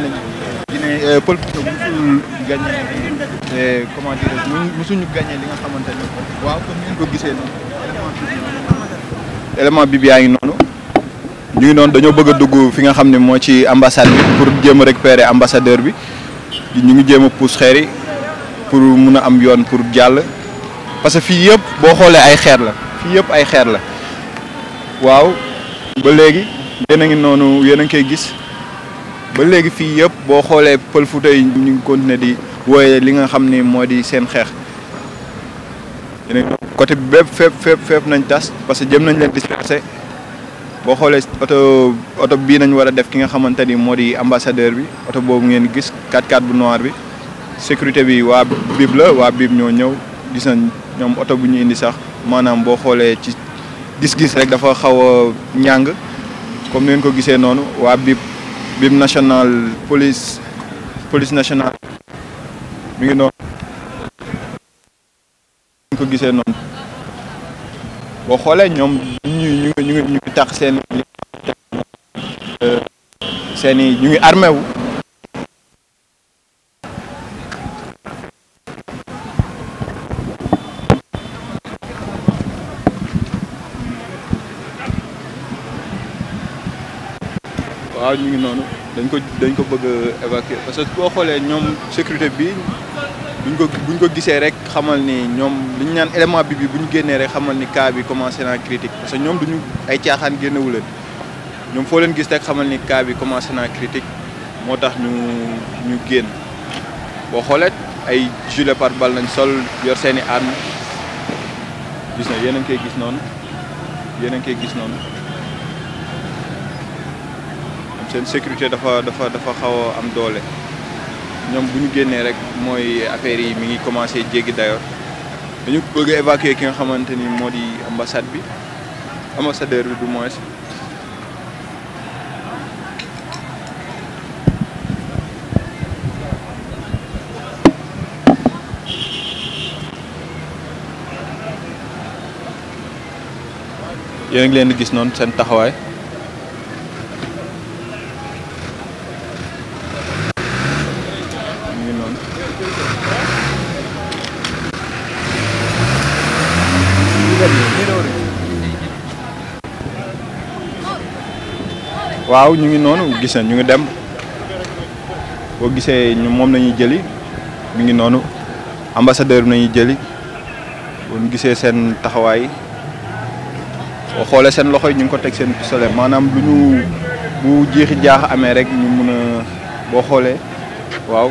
nee nañu Guinée euh, politique musul gagné euh, comment dire nga xamante ne waaw comme gisee noonu bi bi yaa ngi noonu ñu ngi noonu dañoo bëgg a dugg fi nga xam ne moo ci ambassade bi pour jéem a récupérer ambassadeur bi ñu ngi jéem a pousse xeer yi pour mun a am yoon pour jàll parce que fii yëpp boo xoolee ay xeer la fii yëpp ay xeer la waaw ba léegi yéen ngi noonu yéen ngi koy gis léegi fii yëpp boo xoolee pël Fuuta yi ñu ngi continuer di wooye li nga xam ni moo di seen xeex côté bi bépp fépp fépp fépp nañ tas parce que jëm nañ leen disperser boo xoolee oto oto bii nañ war a def ki nga xamante ni moo di ambassadeur bi oto boobu ngeen gis 4 x noir bi sécurité bi waa bib la waa bib ñoo ñëw gis nañ ñoom oto bu ñu indi sax maanaam boo xoolee ci gis-gis rek dafa xaw a ñàng comme ni ngeen ko gisee noonu waa bib bim national police police national mi ngi noonu ñu ko gisee noonu boo xoolee ñoom ñu ñu ngi ñu ngi tax seen euh, seen ñu ngi armé dañ ko dañ ko bëgg a parce que boo xoolee ñoom sécurité bi buñ ko buñ ko gisee rek xamal ni ñoom li ñu naan élément bi bi bu ñu génnee rek xamal ni cas bi commencé naa critique parce que ñoom duñu ay caaxaan génnewu leen ñoom foo leen gis rek xamal ni cas bi commencé naa critique moo tax ñu ñu génn boo xoolee ay gilet pare bal nañ sol yor seeni armes gis na yéen a ngi koy gis noonu yéen a ngi gis noonu. seen sécurité dafa dafa dafa xaw a am doole ñoom bu ñu génnee rek mooy affaire yi mi ngi commencé jéggi dayoo dañu bëgg a évacuer ki nga xamante ni moo di ambassade bi ambassadeur bi du moins. yéen a ngi leen gis noonu seen taxawaay. waaw ñu ngi noonu gis na ñu ngi dem boo gisee ñu moom lañuy jëli mi ngi noonu ambassadeur nañuy jëli boo gisee seen taxawaay boo xoolee seen loxo yi ñu ngi ko teg seen pistolet maanaam lu ñu bu jeexi jaax amee rek ñu mun a boo xoolee waaw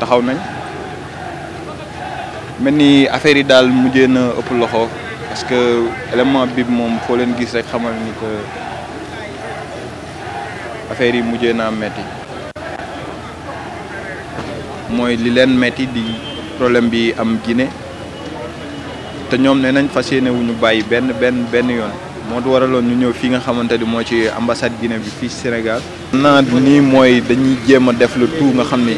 taxaw nañ mel ni affaire yi daal mujjee na ëpp loxo parce que élément bi moom foo leen gis rek xamal ni que affaire yi mujje naa metti mooy li leen metti di problème bi am Guinée te ñoom ne nañ fas yéene bàyyi benn benn benn yoon moo waraloon ñu ñëw fii nga xamante ni moo ci ambassade Guinée bi fii Sénégal. naa nii mooy dañuy jéem a def le tout nga xam ni.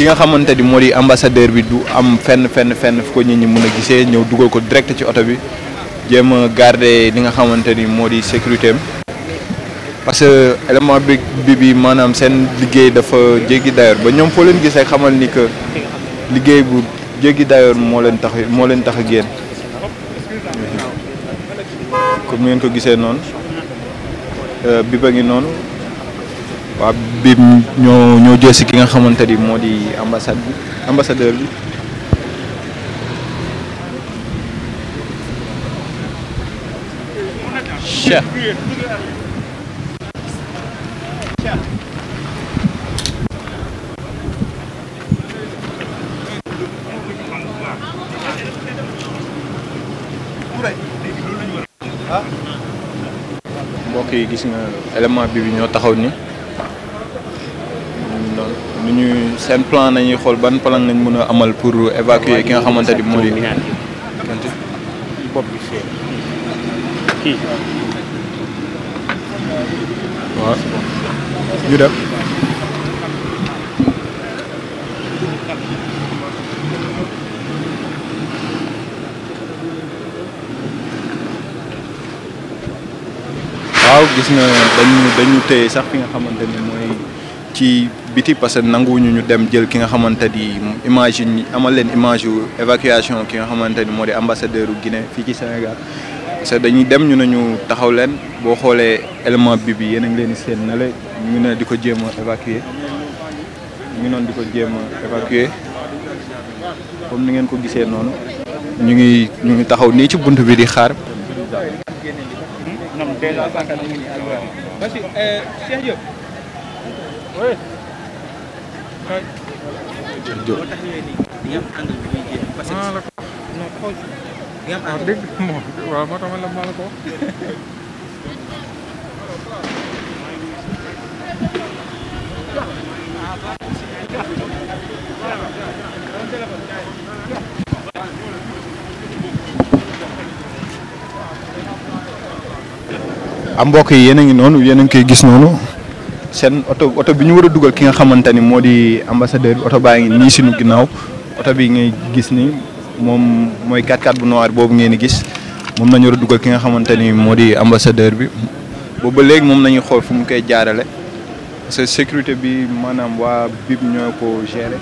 ki nga xamante ni moo di ambassadeur bi du am fenn fenn fenn fu ko nit ñi mën a gisee ñëw dugal ko direct ci oto bi jéem a garder li nga xamante ni moo di sécurité am parce que élément bi bi bi maanaam seen liggéey dafa jéggi dayoor ba ñoom foo leen gisee rek xamal ni que liggéey bu jéggi dayoor moo leen tax moo leen tax a génn comme ngeen ko gisee noonu euh, bi ba ngi noonu. waaw bi ñoo ñoo jël si ki nga xamante ni moo di ambassade bi ambassadeur bi. Cheikh. mbokk yi gis nga élément bi bi ñoo taxaw ni ñu seen plan nañuy xool ban plan lañ mën a amal pour évacuer ki nga xamante ni moo di. waaw ñu def. ni mooy. ci biti parce que nanguwuñu ñu dem jël ki nga xamante ni image yi amal leen image yu évacuation ki nga xamante ni moo di ambassadeur u Guinée fii ci Sénégal parce dañuy dem ñu nañu taxaw leen boo xoolee élément bi bi yéen a ngi leen di seen na le ñu ne di ko jéem a évacuer ñu noonu di ko jéem a comme ni ngeen ko gisee noonu. ñu ngi ñu ngi taxaw nii ci bunt bi di xaar. Hmm? Euh, Cheikh waaw am ah, mbokk yi yéen a ngi noonu yéen a ngi gis noonu seen oto oto bi ñu war a dugal ki nga xamante ni moo di ambassadeur bi oto baa ngi nii si suñu ginnaaw oto bi ngay gis ni moom mooy 4 x bu noir boobu ngeen gis moom nañu war a dugal ki nga xamante ni moo di ambassadeur bi boobu ba léegi moom nañuy xool fu mu koy jaarale parce sécurité bi maanaam waa bib ñoo ko gérer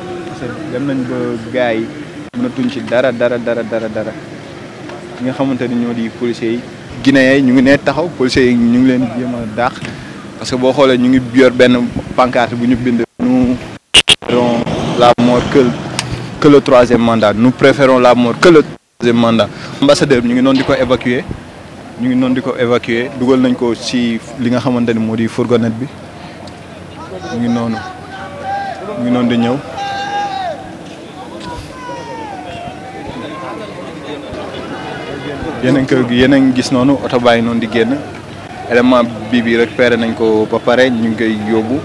dem nañ ba gars yi mënatuñ ci dara dara dara dara dara ñi nga xamante ni ñoo di policiers yi Guinée yi ñu ngi ne taxaw policiers yi ñu ngi leen jéem a daax parce que boo xoolee ñu ngi yor benn pancarte bu ñu bind nous préférons la mort que que le troisième mandat nu préférons la mort que le troisième mandat ambassadeur ñu ngi noonu di ko évacuer ñu ngi noonu di ko évacuer dugal nañ ko ci li nga xamante ni moo di fourgonnette bi ñu ngi noonu ñu ngi noonu di ñëw yeneen kër gi yeneen gis noonu oto baa ngi noonu di génn élément bi bi pere nañ ko ba pare ñu ngi koy yóbbu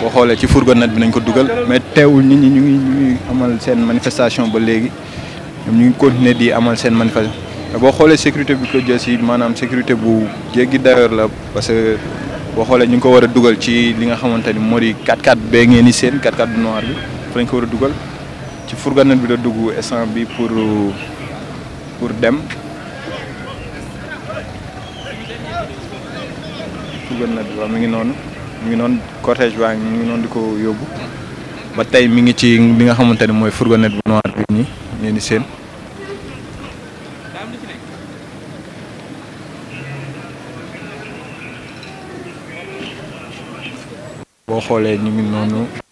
boo xoolee ci fourgonnette bi nañ ko dugal mais teewul nit ñi ñu ngi ñu ngi amal seen manifestation ba léegi ñu ngi continuer di amal seen manifestation boo xoolee sécurité bi ko jël si maanaam sécurité bu jéggi d'ailleurs la parce que boo xoolee ñu ngi ko war a dugal ci li nga xamante ni moo di 4 x bee ngeen di seen 4x4 bu noir bi ko war a dugal ci fourgonnette bi la dugg instant bi pour pour dem gouverneur bi waaw mi ngi noonu mi ngi noonu cortège baa ngi mi ngi noonu di ko yóbbu ba tey mi ngi ci li nga xamante ne mooy fourgonnette bu noir bi ñi ngeen di seen boo xoolee ñu ngi noonu